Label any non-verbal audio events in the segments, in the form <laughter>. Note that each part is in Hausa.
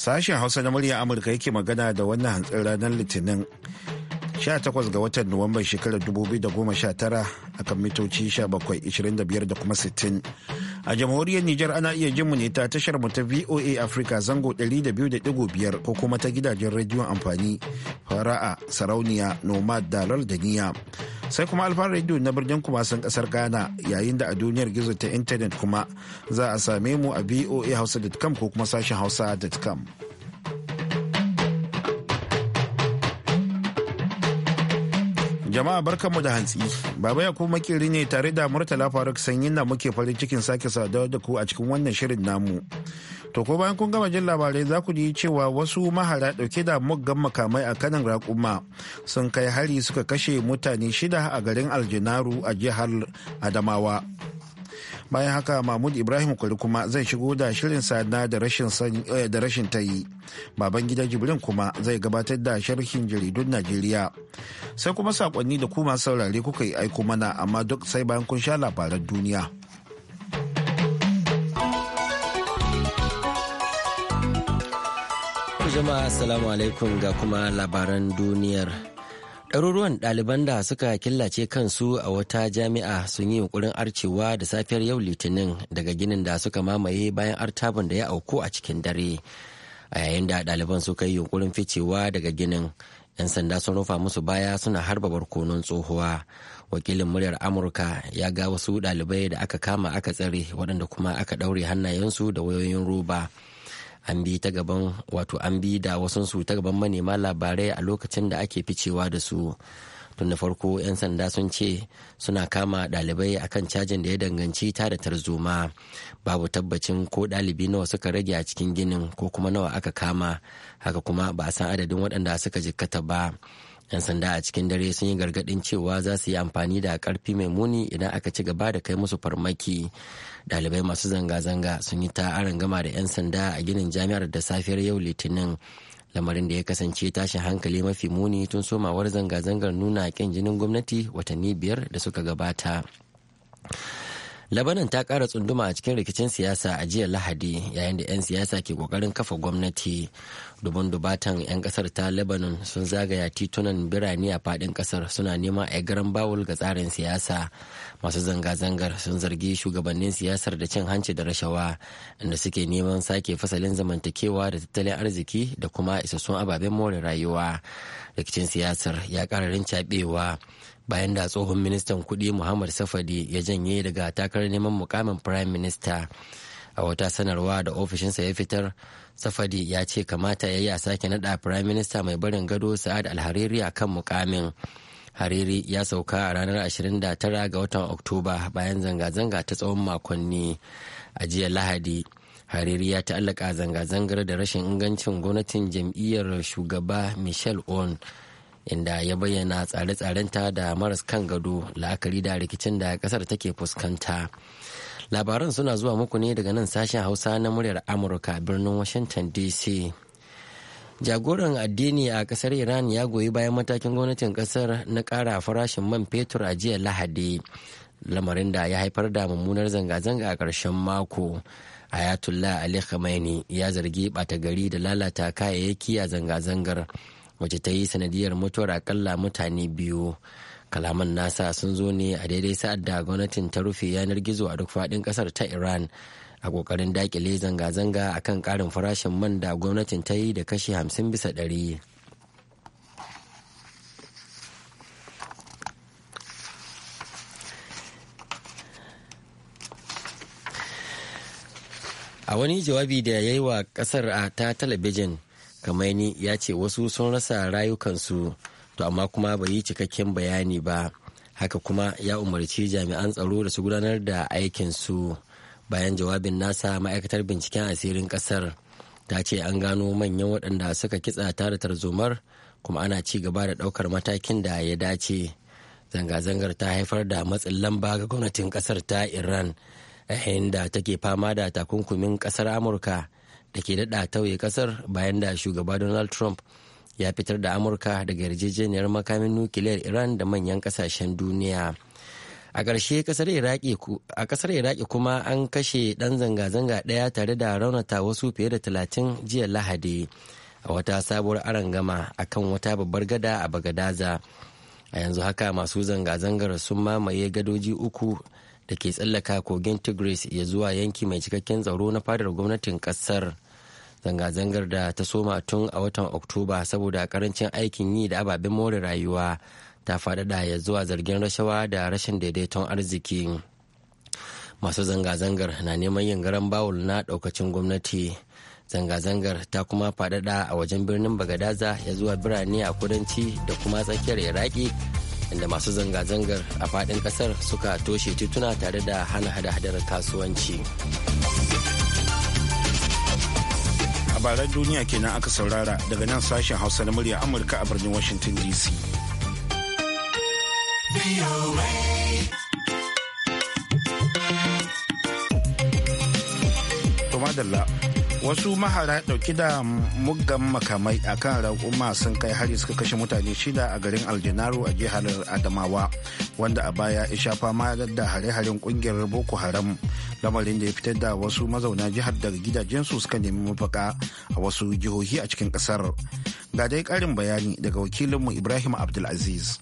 Sashen Hausa na murya Amurka yake magana da wannan hantsin ranar Litinin 18 ga watan Nuwamban shekarar 2019 kan mitoci 17, 25 da kuma 60. A jamhuriyar Nijar ana iya jin mu ne ta tashar mu ta VOA Africa zango 200.5 ko kuma ta gidajen rediyon amfani fara'a sarauniya nomad dalar da niyya Sai kuma alfan rediyo na birnin kumasan kasar Ghana yayin da a duniyar gizo ta intanet kuma za a same mu a VOA hausa.com ko kuma sashen hausa.com. Jama'a barkanmu da hantsi. Baba ya kuma makiri ne tare da Murtala Faruk Sanyin na muke farin cikin sake saduwa da ku a cikin wannan shirin namu. To ko bayan kun gama jin labarai za ku ji cewa wasu mahara dauke da muggan makamai a kanin raƙuma sun kai hari suka kashe mutane shida a garin Aljinaru a jihar Adamawa. bayan haka mahmud ibrahim kwari kuma zai shigo da shirin sada eh, da rashin ta yi baban gida jibrin kuma zai gabatar da sharhin jaridun najeriya sai kuma sakonni da kuma saurare kuka yi aiko mana amma duk sai bayan kun sha labaran duniya jama'a assalamu alaikum ga kuma labaran duniyar Ɗaruruwan ɗaliban da suka killace kansu a wata jami'a sun yi yunkurin arcewa da safiyar yau litinin daga ginin da suka mamaye bayan artabin da ya auku a cikin dare. A yayin da ɗaliban suka yi yunkurin ficewa daga ginin, 'yan sanda sun rufa musu baya suna harba barkonon tsohuwa. Wakilin muryar Amurka ya ga wasu ɗalibai da aka kama aka tsare waɗanda kuma aka ɗaure hannayensu da wayoyin roba. an bi ta gaban wato an bi da wasu ta gaban manema labarai a lokacin da ake ficewa da su tun da farko 'yan sanda sun ce suna kama ɗalibai akan cajin da ya danganci ta da tarzoma babu tabbacin ko ɗalibi nawa suka rage a cikin ginin ko kuma nawa aka kama haka kuma ba a san adadin waɗanda suka jikkata ba 'yan sanda a cikin dare sun yi gargadin cewa za su yi amfani da karfi mai muni idan aka ci gaba da kai musu farmaki ɗalibai masu zanga-zanga sun yi ta gama da 'yan sanda a ginin jami'ar da safiyar yau litinin lamarin da ya kasance tashin hankali mafi muni tun somawar zanga-zangar nuna ƙin jinin gwamnati watanni biyar da suka gabata Labanan ta kara tsunduma a cikin rikicin siyasa a jiya Lahadi yayin da 'yan siyasa ke kokarin kafa gwamnati. Dubun dubatan 'yan kasar ta Lebanon sun zagaya titunan birane a fadin kasar suna neman a garan bawul ga tsarin siyasa masu zanga-zangar sun zargi shugabannin siyasar da cin hanci da rashawa inda suke neman sake fasalin zamantakewa da tattalin arziki da kuma isassun ababen more rayuwa rikicin siyasar ya kararin cabewa bayan da tsohon ministan kudi muhammad safadi ya janye daga takarar neman mukamin prime minister a wata sanarwa da ofishinsa ya fitar safadi ya ce kamata ya yi a sake nada prime minister mai barin gado sa'ad alhariri a kan mukamin hariri ya sauka a ranar 29 ga watan oktoba bayan zanga-zanga ta tsawon makonni a jiya lahadi hariri ya ta'allaka zanga-zangar da rashin ingancin gwamnatin jam'iyyar shugaba michel on inda ya bayyana tsare-tsarenta da maras kan gado la'akari da rikicin da kasar take fuskanta labaran suna zuwa muku ne daga nan sashen hausa na muryar amurka birnin washington dc jagoran addini a kasar iran ya goyi bayan matakin gwamnatin kasar na kara farashin man fetur a jiya lahadi lamarin da ya haifar da mummunar zanga-zanga a ƙarshen mako ayatollah ali khamenei ya zargi bata gari da lalata kayayyaki a zanga-zangar wacce ta yi sanadiyar mutuwar akalla mutane biyu kalaman nasa sun zo ne a daidai sa'ad da gwamnatin ta rufe yanar gizo a duk faɗin ƙasar ta iran a kokarin dakile zanga-zanga a kan karin farashin man da gwamnatin ta yi da kashi 50 bisa ɗari. a wani jawabi da ya yi wa kasar a ta talabijin kamaini ya ce wasu sun rasa rayukansu to amma kuma bai yi cikakken bayani ba haka kuma ya umarci jami'an tsaro da su gudanar da aikinsu bayan jawabin nasa ma'aikatar binciken asirin kasar ta ce an gano manyan waɗanda suka kitsa tare tarzomar kuma ana ci gaba da ɗaukar matakin da ya dace zanga-zangar ta haifar da matsin lamba ga gwamnatin kasar ta iran yayin da take fama da takunkumin kasar amurka da ke daɗa tauye kasar bayan da shugaba donald trump ya fitar da amurka daga yarjejeniyar makamin nukiliyar iran da manyan kasashen duniya. a ƙarshe a ƙasar iraki kuma an kashe ɗan zanga-zanga ɗaya tare da raunata wasu fiye da talatin jiya lahadi a wata sabuwar arangama a kan wata babbar gada a bagadaza a yanzu haka masu zanga-zangar sun mamaye gadoji uku da ke tsallaka kogin tigris ya zuwa yanki mai cikakken tsaro na fadar gwamnatin ƙasar zanga-zangar da ta soma tun a watan oktoba saboda karancin aikin yi da ababen more rayuwa ta faɗaɗa ya zuwa zargin rashawa da rashin daidaiton arziki masu zanga-zangar na neman yin garan bawul na ɗaukacin gwamnati zanga-zangar ta kuma faɗaɗa a wajen birnin bagadaza ya zuwa birane a kudanci da kuma tsakiyar iraki inda masu zanga-zangar a faɗin ƙasar suka toshe tituna tare da hana hada-hadar kasuwanci labaran duniya kenan aka saurara daga nan sashen hausa na murya amurka a birnin washington dc Tumadalla wasu mahara ɗauki da muggan makamai a kan raƙuma sun kai hari suka kashe mutane shida a garin aljinaru a jihar adamawa wanda a baya ya sha fama da hare-haren ƙungiyar boko haram lamarin da ya fitar da wasu mazauna jihar daga gidajensu suka nemi mafaka a wasu jihohi a cikin kasar ga dai karin bayani daga wakilinmu ibrahim abdulaziz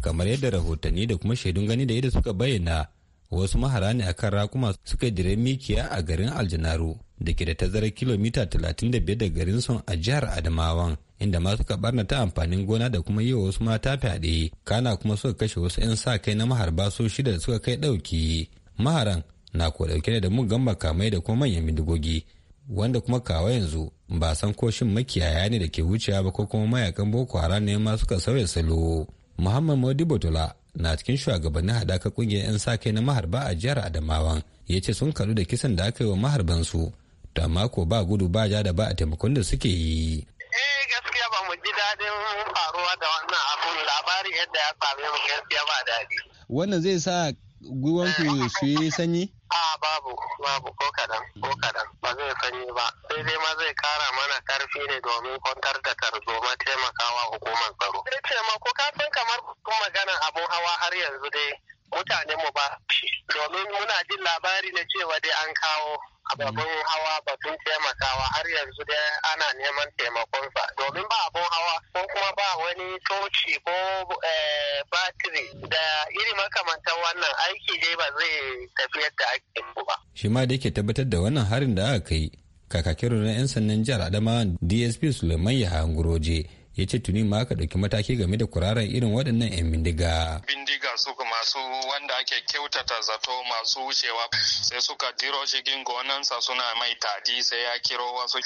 kamar yadda rahotanni da kuma shaidun gani da yadda suka bayyana wasu mahara ne kan rakuma suka jira mikiya a garin aljanaru da ke da tazarar kilomita 35 da garin son a jihar adamawan inda ma suka ta amfanin gona da kuma yi wa wasu mata fyaɗe kana kuma suka kashe wasu 'yan sa kai na maharba su shida da suka kai ɗauki maharan na ko ɗauke da mugan makamai da kuma manyan bindigogi wanda kuma kawa yanzu ba san ko shin makiyaya ne da ke wucewa ba ko kuma mayakan boko haram ne ma suka sauya salo muhammad modi botola na cikin shugabannin haɗaka ƙungiyar 'yan sa kai na maharba a jihar adamawa ya ce sun karu da kisan da aka yi wa maharbansu to amma ko ba gudu ba ja da ba a taimakon da suke yi eh gaskiya ba mu ji daɗin faruwa da wannan abun labari yadda ya same mu gaskiya ba daɗi wannan zai sa gwiwanku su yi sanyi A babu, babu ko kadan ko mm. kadan ba zai sanyi ba. Sai dai ma zai kara mana karfi ne domin kwantar da tarzoma taimakawa hukumar tsaro. Zai taimako ka san kamar kun magana abun hawa har yanzu dai mutane mu ba shi. Domin muna jin labari na cewa dai an kawo ababen mm. hawa batun taimakawa har yanzu dai ana neman taimakonsa. Domin ba abun hawa ko kuma ba wani toci ko eh, batiri da iri makamantar wannan aiki dai ba zai tafi yadda ake ba. Shi ma da yake tabbatar da wannan harin da aka kai kakakin na 'yan sannan jihar Adama DSP Suleiman Yahangoroje ya ce tuni ma aka ɗauki mataki game da kuraren irin waɗannan 'yan bindiga. Bindiga suka masu wanda ake kyautata zato masu wucewa sai suka jiro shigin gonansa suna mai tadi sai ya kiro wasu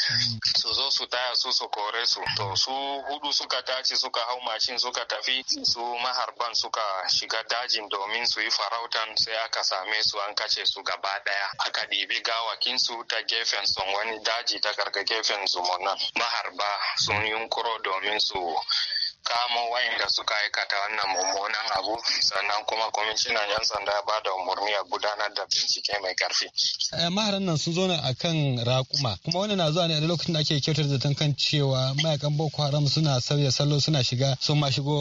su zo su taya su su kore su. To su hudu suka tashi suka hau mashin suka tafi su maharban suka shiga dajin domin su yi farautan sai aka same su an kace su gaba ɗaya. Aka ɗibi su ta gefen son wani daji ta karka gefen zumunan. Maharba sun yunkuro domin su kamo wayanda suka aikata wannan mummunan abu sannan kuma kwamishinan 'yan sanda ya ba da umarni a gudanar da bincike mai karfi. Eh, maharan nan sun zo ne kan raƙuma. kuma wani na zuwa ne a lokacin da ake kyautar da tankan cewa mayakan boko haram suna sauya salo suna shiga sun ma shigo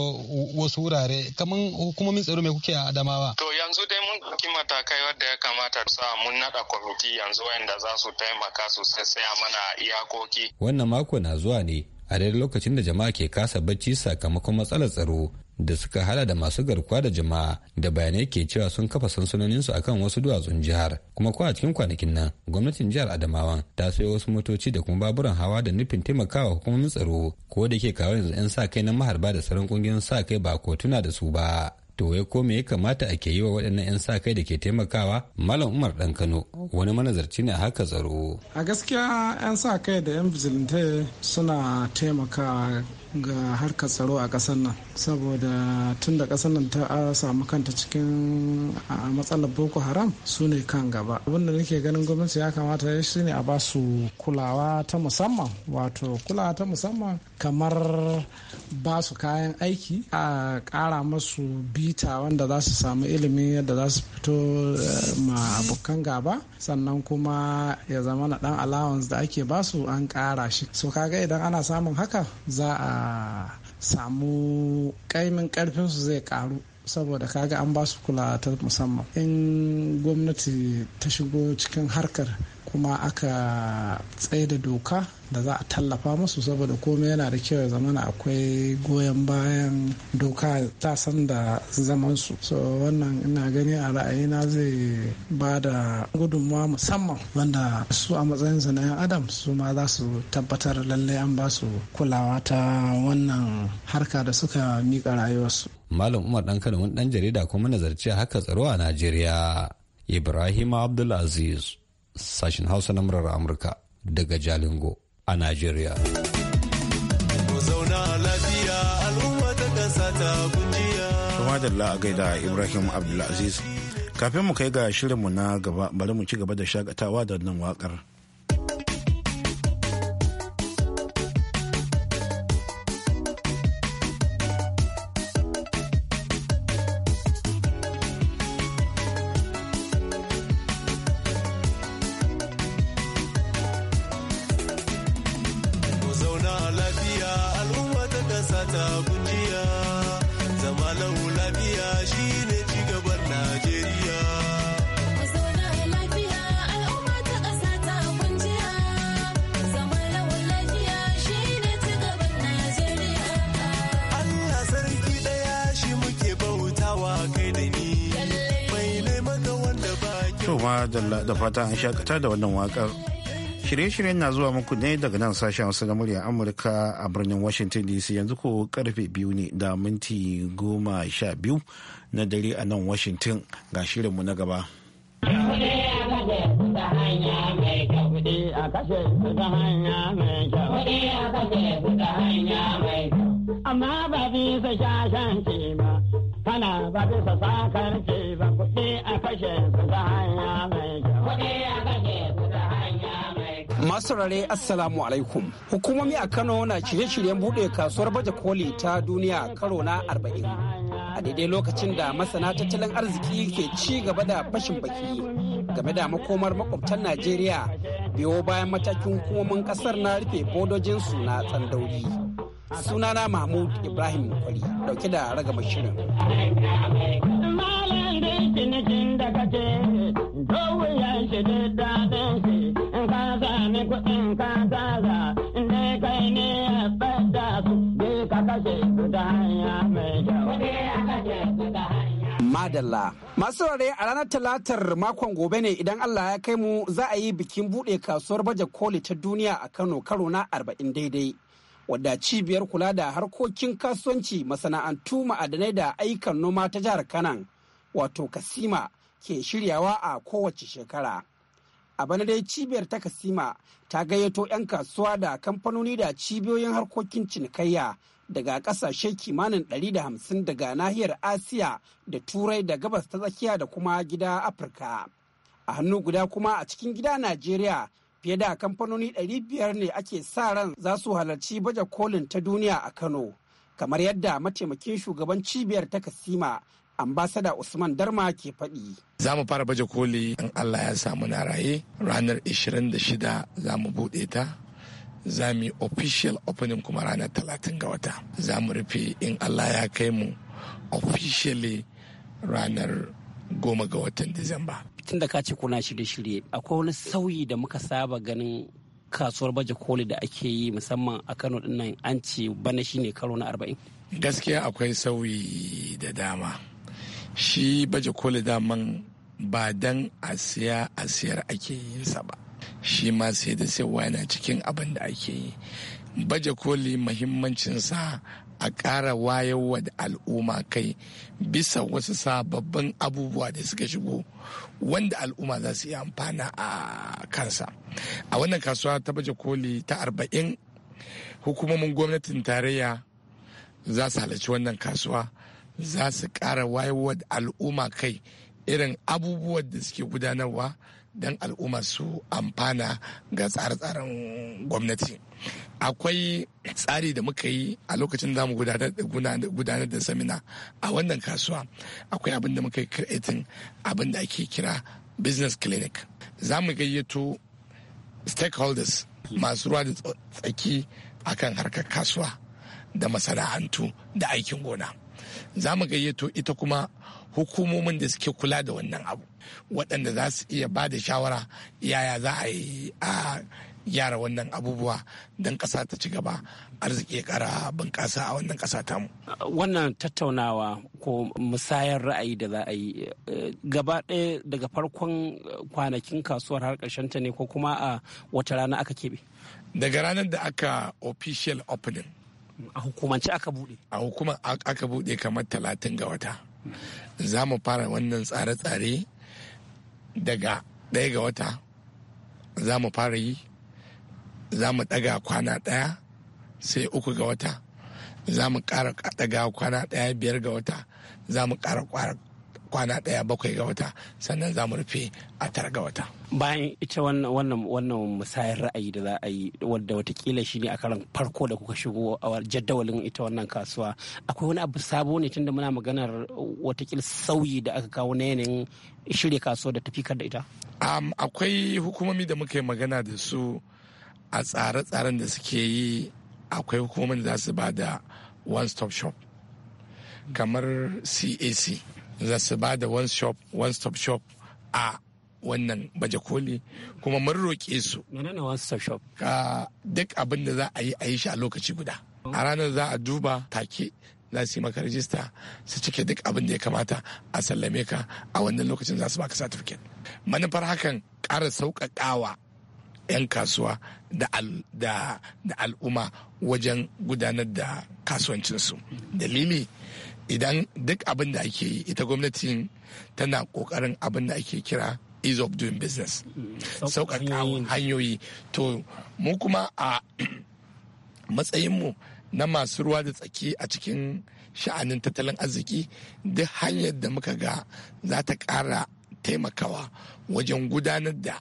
wasu wurare kamar hukumomin tsaro mai kuke a adamawa. to yanzu dai mun ɗauki matakai wadda ya kamata sa mun naɗa kwamiti yanzu wayanda za su taimaka su sai mana iyakoki. wannan mako na zuwa ne a daidai lokacin da jama'a ke kasa bacci sakamakon matsalar tsaro da suka hada da masu garkuwa da jama'a da bayanai ke cewa sun kafa sansanoninsu akan wasu duwatsun jihar kuma ko a cikin kwanakin nan gwamnatin jihar adamawan ta sayo wasu motoci da kuma baburan hawa da nufin taimakawa hukumomin tsaro ko da ke kawo yanzu 'yan sa kai na maharba da sauran kungiyoyin sa kai ba ko tuna da su ba to ya ko ya kamata a ke yi wa waɗannan 'yan sa kai da ke taimakawa malam umar dan kano wani manazarci ne a haka tsaro a gaskiya 'yan sa kai da 'yan bizilinta suna taimakawa ga harkar tsaro a ƙasar nan saboda tun da ƙasar nan ta samu kanta cikin matsalar boko haram su ne kan gaba abinda nake ganin gwamnati ya kamata ya shi ne a ba su kulawa ta musamman wato kulawa ta musamman kamar ba su kayan aiki a ƙara masu biyu bita wanda za su samu ilimi yadda za su fito eh, ma abokan gaba sannan kuma ya zama na dan allowance da ake basu an kara shi so kaga idan ana samun haka za a samu kaimin karfin su zai karu saboda kaga an ba su kula ta musamman in gwamnati ta shigo cikin harkar kuma aka tsaida doka da za a tallafa musu saboda komai yana da kyau ya zamana akwai goyon bayan doka ta san da zaman su so wannan ina gani a ra'ayina zai ba da gudunmawa musamman wanda su a matsayin su na yan adam su ma za su tabbatar lallai an ba su kulawa ta wannan harka da suka miƙa rayuwarsu malam umar dan kano wani dan jarida kuma nazarci haka tsaro a najeriya ibrahim abdulaziz sashen hausa na murar amurka daga jalingo a najeriya a gaida ibrahim abdulaziz kafin mu kai ga shirinmu na gaba bari mu ci gaba da shakatawa da wannan wakar. da fata an shakata da wannan wakar. Shirye-shiryen na zuwa muku ne daga nan sashen wasu na murya Amurka a birnin Washington DC yanzu ko karfe biyu ne da minti goma sha biyu na dare a nan Washington ga shirinmu na gaba. Amma ba bisa shashen ce mana ba bisa ce ba kuɗi a kashe su ta hanya mai kyau. Masu rare Assalamu alaikum. Hukumomi a Kano na shirye-shiryen buɗe kasuwar baje koli ta duniya karo na arba'in. A daidai lokacin da masana tattalin arziki ke ci gaba da fashin baki game da makomar makwabtan Najeriya biyo bayan matakin hukumomin ƙasar na rufe bodojinsu na tsandauri. sunana mahmud ibrahim kwari dauke da ragama shirin Madalla. Masu saurare a ranar talatar makon gobe ne idan Allah ya kai mu za a yi bikin buɗe kasuwar baje koli ta duniya a Kano karo na arba'in daidai. wadda cibiyar kula da harkokin kasuwanci masana'antu ma'adanai da ayyukan noma ta jihar kanan wato kasima ke shiryawa a kowace shekara a bana dai cibiyar ta kasima ta gayyato 'yan kasuwa da kamfanoni da cibiyoyin harkokin cinikayya daga kasashe kimanin 150 daga nahiyar asiya da turai da gabas ta tsakiya da kuma gida afirka a hannu guda kuma a cikin gida najeriya fiye da kamfanoni 500 ne ake sa ran za su halarci baje kolin ta duniya a kano kamar yadda mataimakin shugaban cibiyar ta kasima ambasada usman darma ke faɗi. za mu fara baje koli in allah ya samu na raye ranar 26 za mu buɗe ta za mu yi official opening kuma ranar 30 ga wata za mu rufe in allah ya kai mu officially ranar goma ga watan disamba tun da ka ce kuna shirye-shirye akwai wani sauyi da muka saba ganin kasuwar baje koli da ake yi musamman a kano dinnan an ce bana ne karo na arba'in gaskiya akwai sauyi da dama shi baje koli daman ba dan a siya a siyar ake yi ba shi ma sai da sai yana cikin abin da ake yi baje koli muhimmancinsa a ƙara wayarwa da al'umma kai bisa wasu sababbin abubuwa da suka shigo wanda al'umma za su yi amfana a kansa a wannan kasuwa ta baje koli ta arba'in hukumomin gwamnatin tarayya za su halarci wannan kasuwa za su ƙara wayarwa da al'umma kai irin abubuwan da suke gudanarwa don al'umma su amfana ga tsare-tsaren gwamnati akwai tsari da muka yi a lokacin da mu gudanar da samina a wannan kasuwa akwai abin da muka yi creating abin da ake kira business clinic za mu gayyato stakeholders masu ruwa da tsaki akan harkar kasuwa da masana'antu da aikin gona za mu gayyato ita kuma hukumomin da suke kula da wannan abu waɗanda za su iya ba da shawara yaya za a yi a gyara wannan abubuwa don ƙasa ta ci gaba arziki ya ƙara bunƙasa a wannan ƙasa tamu. wannan tattaunawa ko musayar ra'ayi da za a yi eh, gaba ɗaya daga farkon kwanakin kasuwar har ƙarshen ta ne ko kuma a wata rana aka keɓe daga ranar da aka official opening a hukumance aka buɗe a hukumar aka buɗe kamar talatin ga wata za mu fara wannan tsare-tsare daga ɗaya ga wata za mu fara yi za mu ɗaga kwana ɗaya sai uku ga wata za mu ƙara ɗaga kwana ɗaya biyar ga wata za mu ƙara kwana ɗaya bakwai ga wata sannan za mu rufe a tara ga wata. bayan ita wannan musayar ra'ayi da za a yi wadda watakila shi ne a karan farko da kuka shigo a jadawalin ita wannan kasuwa akwai wani abu sabo ne tunda muna maganar watakila sauyi da aka kawo na yanayin shirya kasuwa da tafikar da ita akwai hukumomi da muka yi magana da su a tsare-tsaren da suke yi akwai hukumomin da za su ba da one stop shop kamar cac za su ba da one shop one stop shop a wannan baje koli kuma mun roƙe su ka duk abin da za a yi a yi shi a lokaci guda a ranar za a duba take za su yi maka rajista su cike duk abin da ya kamata a sallame ka a wannan lokacin za su baka satifiket manufar hakan ƙara sauƙaƙawa 'yan kasuwa da al'umma wajen gudanar da kasuwancinsu dalili idan duk abin da ake yi ita gwamnati tana kokarin abin da ake kira ease of doing business mm. sauƙaƙa hanyoyi to mu kuma a <clears throat> matsayinmu na masu ruwa da tsaki a cikin sha'anin tattalin arziki duk hanyar da muka ga za ta ƙara taimakawa wajen gudanar da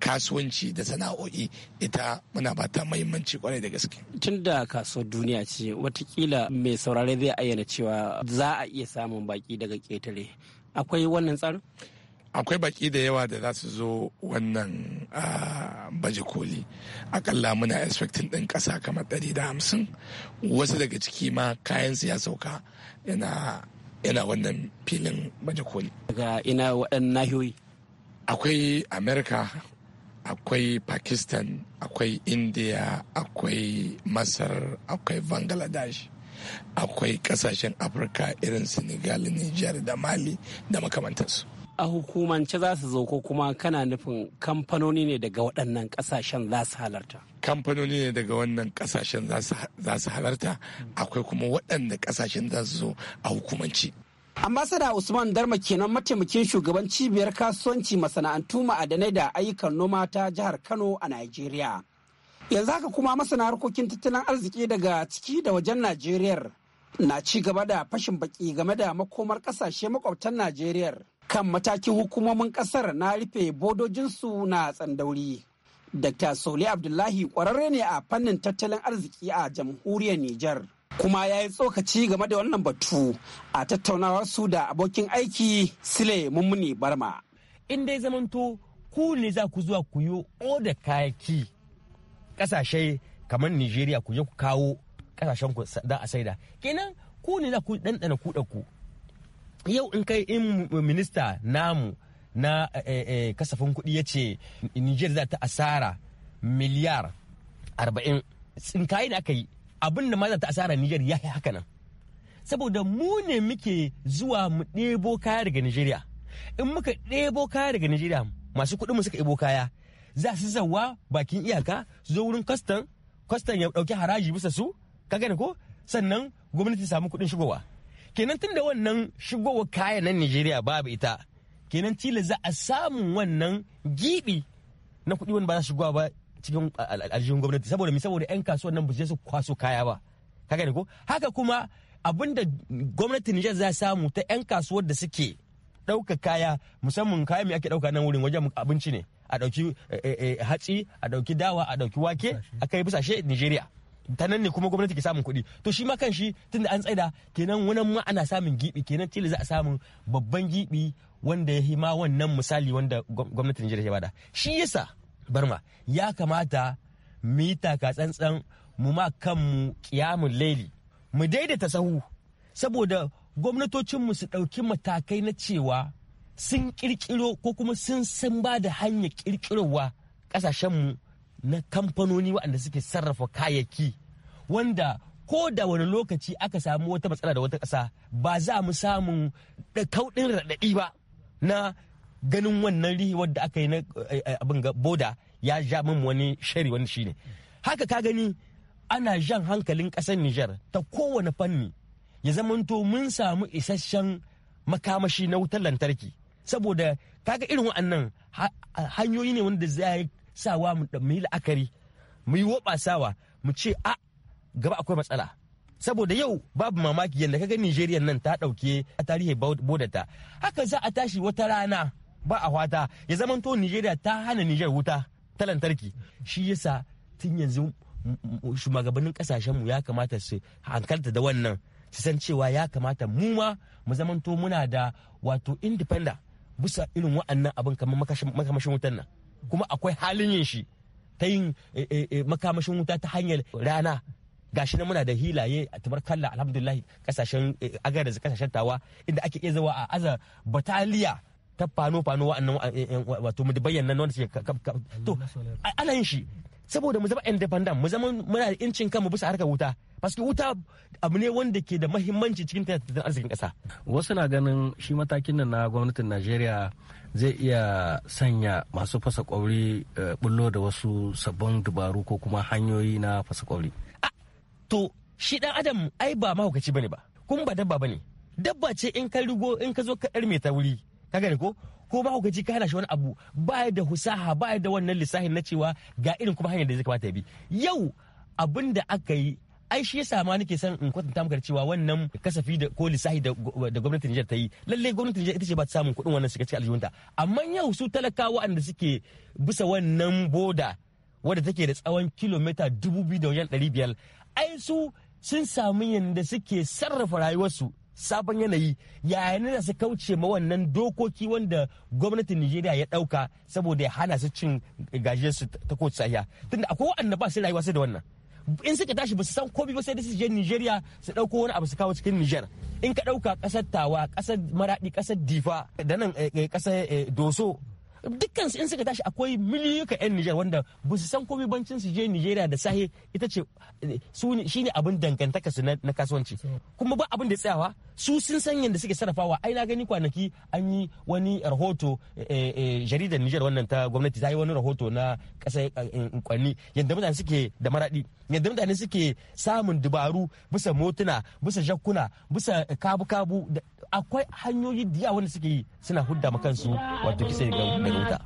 kasuwanci da sana'o'i ita muna ba ta muhimmanci kwarai da gaske. Tun da kasuwar duniya ce watakila mai saurare zai ayyana cewa za a iya samun baki daga ƙetare. Akwai wannan tsarin? Akwai baki da yawa da za su zo wannan baje koli. Akalla muna expecting ɗin ƙasa kamar ɗari da hamsin. Wasu daga ciki ma kayan su ya sauka yana yana wannan filin baje koli. Daga ina waɗannan nahiyoyi? Akwai Amerika akwai pakistan akwai india akwai masar akwai bangladesh akwai kasashen afirka irin senegal niger da mali da makamantarsu a hukumance za su zo ko kuma kana nufin kamfanoni ne daga waɗannan ƙasashen za su halarta kamfanoni ne daga wannan ƙasashen za su halarta akwai kuma waɗanda ƙasashen za su zo a hukumance ambasada usman darma kenan mataimakin shugaban cibiyar kasuwanci masana'antu ma'adanai da ayyukan noma ta jihar kano a Najeriya. yanzu haka kuma masana harkokin tattalin arziki daga ciki da wajen najeriya na ci gaba da fashin baki game da makomar kasashe makwabtan najeriya kan matakin hukumomin kasar na rufe bodojinsu na tsandauri dr soli abdullahi ƙwararre ne a fannin tattalin arziki a jamhuriyar Nijar. kuma ya yi tsokaci game da wannan batu a tattaunawar su da abokin aiki sile mummuni barma in dai zamanto ku ne za ku zuwa ku yi oda kayaki kasashe kamar nigeria ku je ku kawo kasashen ku da a saida kenan ku ne za ku ɗanɗana ku ku yau in kai in minista namu na eh, eh, kasafin kuɗi ya ce nigeria za ta asara miliyar arba'in tsinkayi da aka yi abin da ma ta asara Nijar ya haka nan saboda mu ne muke zuwa mu ɗebo kaya daga Nijeriya in muka ɗebo kaya daga Nijeriya masu kuɗin mu suka ɗebo kaya za su zawa bakin iyaka su zo wurin kwastan kwastan ya ɗauki haraji bisa su ka gane ko sannan gwamnati samu kuɗin shigowa kenan tun da wannan shigowar kaya nan Nijeriya babu ita kenan tila za a samu wannan giɓi na kuɗi wani ba za shigowa ba cikin aljihun gwamnati saboda mi saboda yan kasuwan nan ba su kwaso kaya ba haka ne ko haka kuma abinda da gwamnatin Nijar za samu ta yan kasuwar da suke ɗauka kaya musamman kaya mai ake ɗauka nan wurin wajen abinci ne a ɗauki eh, eh, eh, hatsi a ɗauki dawa a ɗauki wake a kai busashe Nijeriya ta nan ne kuma gwamnati ke samun kuɗi to shi ma kan shi tunda an tsaida kenan wani ma ana samun gibi kenan tilo za a samu babban gibi wanda ya hima wannan misali wanda gwamnatin Nijeriya ya bada shi yasa barma ya kamata mu yi taka tsantsan mu ma kanmu kiyamun laili mu daidaita sahu saboda gwamnatocinmu su ɗauki matakai na cewa sun ƙirƙiro ko kuma sun san ba da hanyar kirkirowa ƙasashenmu na kamfanoni waɗanda suke sarrafa kayayyaki wanda ko da wani lokaci aka samu wata matsala da wata ƙasa ba za mu samu da kauɗin raɗaɗi ba na ganin wannan rihiwar da aka yi na eh, eh, abin boda ya ja min wani shari wani shine haka ka gani ana jan hankalin kasar Nijar ta kowane fanni ya zamanto mun samu isasshen makamashi na wutar lantarki saboda kaga irin wa'annan hanyoyi ne wanda za sawa mu yi la'akari mu yi sawa mu ce a gaba akwai matsala saboda yau babu mamaki yadda kaga Nijeriya nan ta ɗauke a tarihi bodata haka za a tashi wata rana ba a fata ya zamanto Nigeria ta hana Niger wuta ta lantarki shi yasa tun yanzu shugabannin kasashenmu ya kamata su hankalta da wannan su san cewa ya kamata mu ma mu zamanto muna da wato independent bisa irin wa'annan abin kamar makamashin wutan nan kuma akwai halin yin shi ta yin e, e, e, makamashin wuta ta hanyar rana gashi na muna da hilaye a kalla alhamdulillah kasashen agar da kasashen tawa inda ake iya zawa a aza bataliya ta fano fano wa'annan eh, eh, wato mu bayyana wanda to ana yin shi saboda mu zama independent mu zama muna da incin kanmu bisa harkar wuta paske wuta abu ne wanda ke da mahimmanci cikin tattalin arzikin kasa wasu na ganin shi matakin nan na gwamnatin najeriya zai iya sanya masu fasa kwauri eh, bullo da wasu sabon dubaru ko kuma hanyoyi na fasa kwauri to shi dan adam ai ba mahaukaci bane ba kuma ba dabba bane dabba ce in ka rigo in ka zo ka dar ta wuri ka gane ko ko ba ku gaji ka hana shi wani abu ba ya da husaha ba ya da wannan lissafin na cewa ga irin kuma hanyar da zai kamata ya bi yau abin da aka yi ai shi yasa ma nake son in kwatanta maka cewa wannan kasafi da ko lissafi da gwamnatin Nijar ta yi lalle gwamnatin Nijar ita ce ba ta samun kuɗin wannan shiga cikin aljihunta amma yau su talakawa waɗanda suke bisa wannan boda wadda take da tsawon kilomita dubu biyu da wajen ɗari biyar ai su sun samu yadda suke sarrafa rayuwarsu sabon yanayi yayin da su kauce ma wannan dokoki wanda gwamnatin Nijeriya ya dauka saboda ya hana su cin gajiyar su ta kowace sahiya tunda akwai wa'anda ba su rayuwa sai da wannan in suka tashi ba su san komai ba sai da su je Nijeriya su dauko wani abu su kawo cikin Niger in ka dauka kasar Tawa kasar Maradi kasar Difa da nan kasar eh, eh, eh, Doso dukkan su in suka tashi akwai miliyuka yan Nijar wanda ba su san komai bancin su je Nijeriya da sahi ita ce su shine abin dangantaka su na kasuwanci kuma ba abin da tsayawa su sun san yadda suke sarrafawa ai na gani kwanaki an yi wani rahoto eh, eh, eh, jaridar Nijar wannan ta gwamnati ta yi wani rahoto na kasa kwanni yadda mutane suke da maradi yadda mutane suke samun dubaru bisa motuna bisa jakkuna bisa kabu-kabu akwai hanyoyi diya wanda suke yi suna hudda makansu wato kisa daga wuta.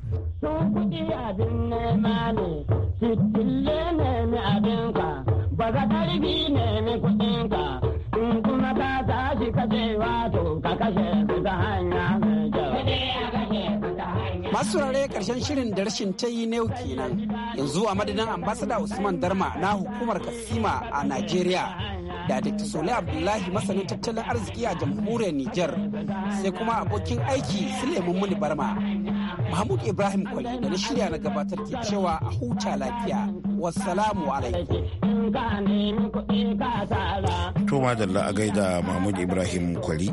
ba za ƙarfi nemi kuɗinka in kuma ka tashi kashe wato ka kashe su ta hanya mai kyau. Masu rare karshen shirin da rashin ta yi na yau kenan yanzu a madadin ambasada Usman Darma na hukumar Kasima a Najeriya da Dr. Sule Abdullahi masanin tattalin arziki a jamhuriyar Nijar sai kuma abokin aiki Suleiman Muni Barma. Mahmud Ibrahim Kwali da na shirya na gabatar ke cewa a huta lafiya. Wassalamu alaikum. To madalla a gaida Mahmud Ibrahim Kwali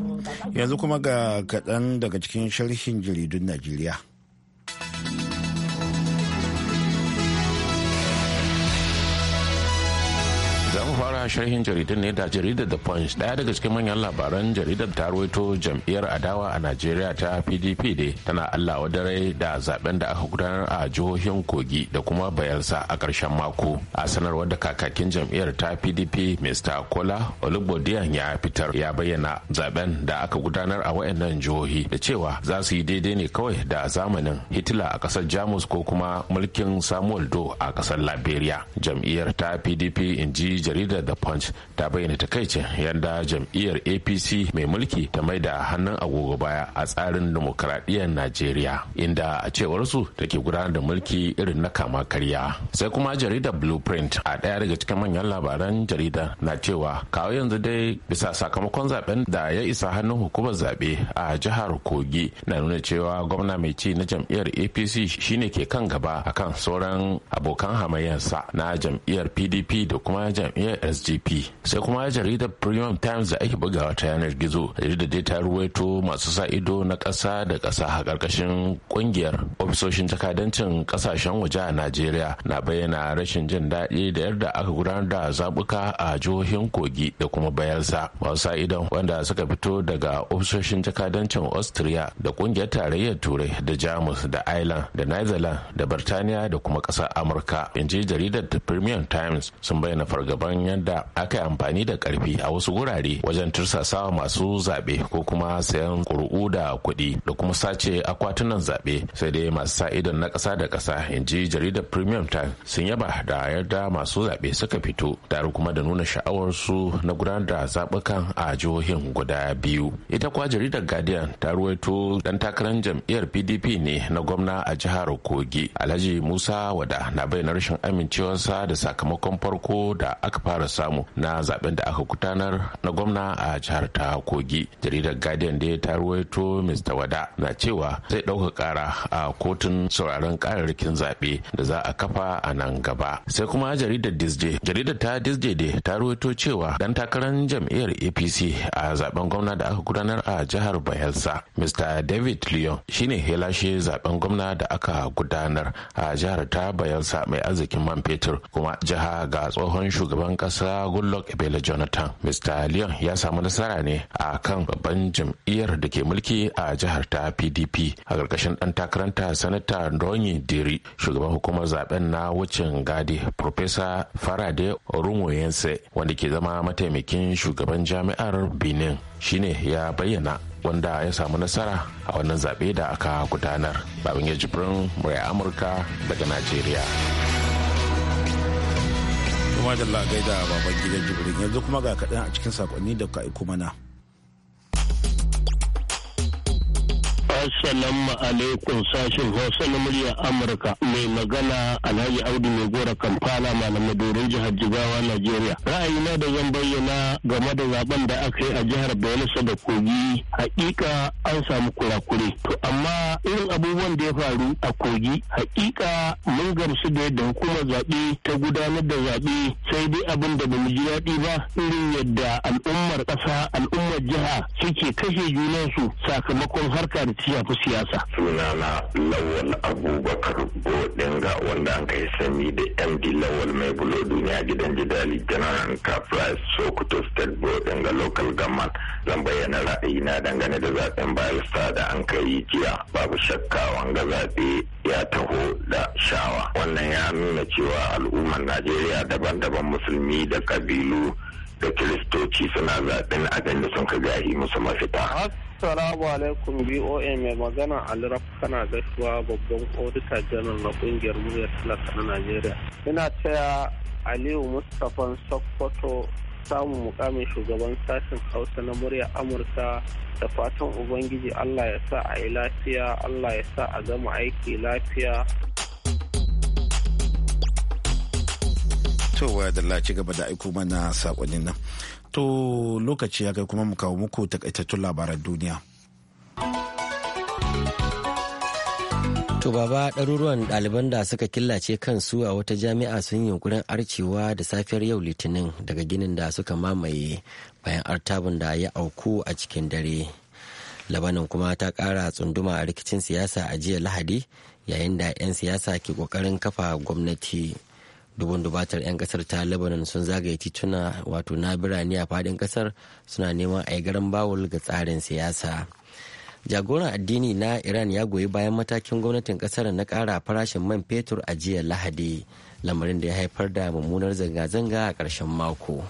yanzu kuma ga kaɗan daga cikin sharhin jaridun Najeriya. za fara sharhin jaridar ne da jaridar the punch daya daga cikin manyan labaran jaridar ta rawaito jam'iyyar adawa a najeriya ta pdp ne tana allah wadarai da zaben da aka gudanar a jihohin kogi da kuma bayelsa a karshen mako a sanarwar da kakakin jam'iyyar ta pdp mr kola olubodiyan ya fitar ya bayyana zaben da aka gudanar a wayannan jihohi da cewa za su yi daidai ne kawai da zamanin hitler a kasar jamus ko kuma mulkin samuel do a ƙasar liberia jam'iyyar ta pdp in ji jaridar da punch ta bayyana takaicin yadda jam'iyyar apc mai mulki ta mai da hannun agogo baya a tsarin demokradiyyar najeriya inda a cewar su take gudanar da mulki irin na kama karya sai kuma jaridar blueprint a ɗaya daga cikin manyan labaran jarida na cewa kawo yanzu dai bisa sakamakon zaben da ya isa hannun hukumar zaɓe a jihar kogi na nuna cewa gwamna mai ci na jam'iyyar apc shine ke kan gaba akan sauran abokan hamayyarsa na jam'iyyar pdp da kuma jam'iyyar jam'iyyar sgp sai kuma jaridar premium times da ake bugawa ta yanar gizo jaridar dai ta ruwaito masu sa ido na ƙasa da ƙasa a ƙarƙashin ƙungiyar ofisoshin jakadancin ƙasashen waje a najeriya na bayyana rashin jin daɗi da yadda aka gudanar da zabuka a jihohin kogi da kuma bayelsa masu sa idon wanda suka fito daga ofisoshin jakadancin austria da ƙungiyar tarayyar turai da jamus da ireland da netherlands da birtaniya da kuma ƙasar amurka in ji jaridar premium times sun bayyana fargaban sakamakon yadda aka yi amfani da karfi a wasu wurare wajen tursasa masu zaɓe ko kuma sayan ƙuri'u da kuɗi da kuma sace akwatunan zaɓe sai dai masu sa idon na ƙasa da ƙasa in ji jaridar premium time sun yaba da yadda masu zaɓe suka fito tare kuma da nuna sha'awarsu na gudanar da zaɓukan a jihohin guda biyu ita kuwa jaridar guardian ta ruwaito dan takarar jam'iyyar pdp ne na gwamna a jihar kogi alhaji musa wada na bayyana rashin amincewarsa da sakamakon farko da aka fara samu na zaben da aka gudanar na gwamna a jihar ta kogi jaridar guardian da ta ruwaito mr wada na cewa zai ɗauka kara a kotun sauraron kararrakin zaɓe da za a kafa a nan gaba sai kuma jaridar disje jaridar ta disje da ta ruwaito cewa dan takarar jam'iyyar apc a zaben gwamna da aka gudanar a jihar bayelsa mr david leon shine ya lashe zaben gwamna da aka gudanar a jihar ta bayelsa mai arzikin man fetur kuma jiha ga tsohon shugaban shugaban kasa goodluck ebele jonathan mr leon ya samu nasara ne a kan babban jam'iyyar da ke mulki a jihar ta pdp a karkashin ɗan takaranta sanata ndonyi diri shugaban hukumar zaben na wucin gadi profesa farade orumoyense wanda ke zama mataimakin shugaban jami'ar benin shine ya bayyana wanda ya samu nasara a wannan zaɓe da aka gudanar babin ya jibrin murai amurka daga najeriya kuma da lagai da baban gidan jibrin yanzu kuma ga kaɗan a cikin sakonni da ka aiko mana. Assalamu alaikum sashin Hausa na murya Amurka mai magana Alhaji Audu mai gora Kampala malamai doron jihar Jigawa Najeriya. Ra'ayina da zan bayyana game da zaben da aka yi a jihar Bayelsa da Kogi haƙiƙa an samu kurakure. To amma irin abubuwan da ya faru a Kogi haƙiƙa mun gamsu da yadda hukumar zaɓe ta gudanar da zaɓe sai dai abin da bamu ji daɗi ba irin yadda al'ummar ƙasa al'ummar jiha suke kashe junan su sakamakon harkar ci fi siyasa. Sunana Lawal Abubakar Bodinga wanda an kai sani da MD Lawal mai bulo duniya gidan jidali General Enterprise Sokoto State Bodinga Local Government zan bayyana na dangane da zaben barista da an kai jiya babu shakka wanga zaɓe ya taho da shawa. Wannan ya nuna cewa al'ummar Najeriya daban-daban musulmi da kabilu da kiristoci suna zaɓen abin da sun ka gahi musu mafita. Assalamu alaikum BOA mai magana Alraf kana gaisuwa babban odita janar na kungiyar muryar talaka na Najeriya. Ina taya Aliyu Mustapha Sokoto samun mukamin shugaban sashen Hausa na muryar Amurka da fatan Ubangiji Allah ya sa a yi lafiya, Allah ya sa a gama aiki lafiya. Towa da la ci gaba da aiko mana saƙonin nan. To lokaci ya kai kuma mu kawo muku takaitattun labaran duniya. To baba ɗaruruwan ɗaliban da suka killace kansu a wata jami'a sun yi yunkurin arcewa da safiyar yau litinin daga ginin da suka mamaye bayan artabun da ya auku a cikin dare. Labanin kuma ta ƙara tsunduma a rikicin siyasa a jiya lahadi yayin da 'yan siyasa ke ƙoƙarin kafa gwamnati. dubun dubatar 'yan kasar ta lebanon sun zagaye tituna wato na birane a fadin kasar suna neman a garan bawul ga tsarin siyasa jagoran addini na iran ya goyi bayan matakin gwamnatin kasar na kara farashin man fetur a jiya lahadi lamarin da ya haifar da mummunar zanga-zanga a karshen mako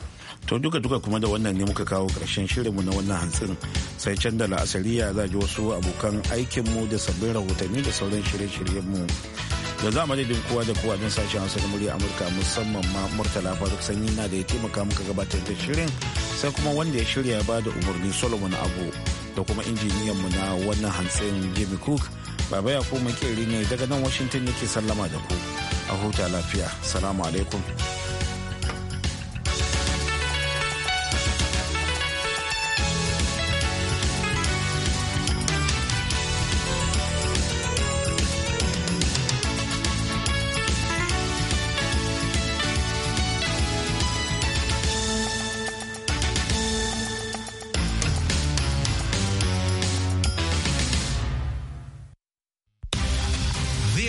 to duka duka kuma da wannan ne muka kawo ƙarshen shirinmu na wannan hantsin sai can da la'asariya za ji wasu abokan aikinmu da sabbin rahotanni da sauran shirye-shiryenmu da za madadin kowa da kowa don sashen hausa da murya amurka musamman ma murtala faruk sanyi na da ya taimaka muka gabatar da shirin sai kuma wanda ya shirya ba da umarni solomon abu da kuma injiniyan mu na wannan hantsin jimmy cook baba ya ko makeri ne daga nan washington yake sallama da ku a huta lafiya salamu alaikum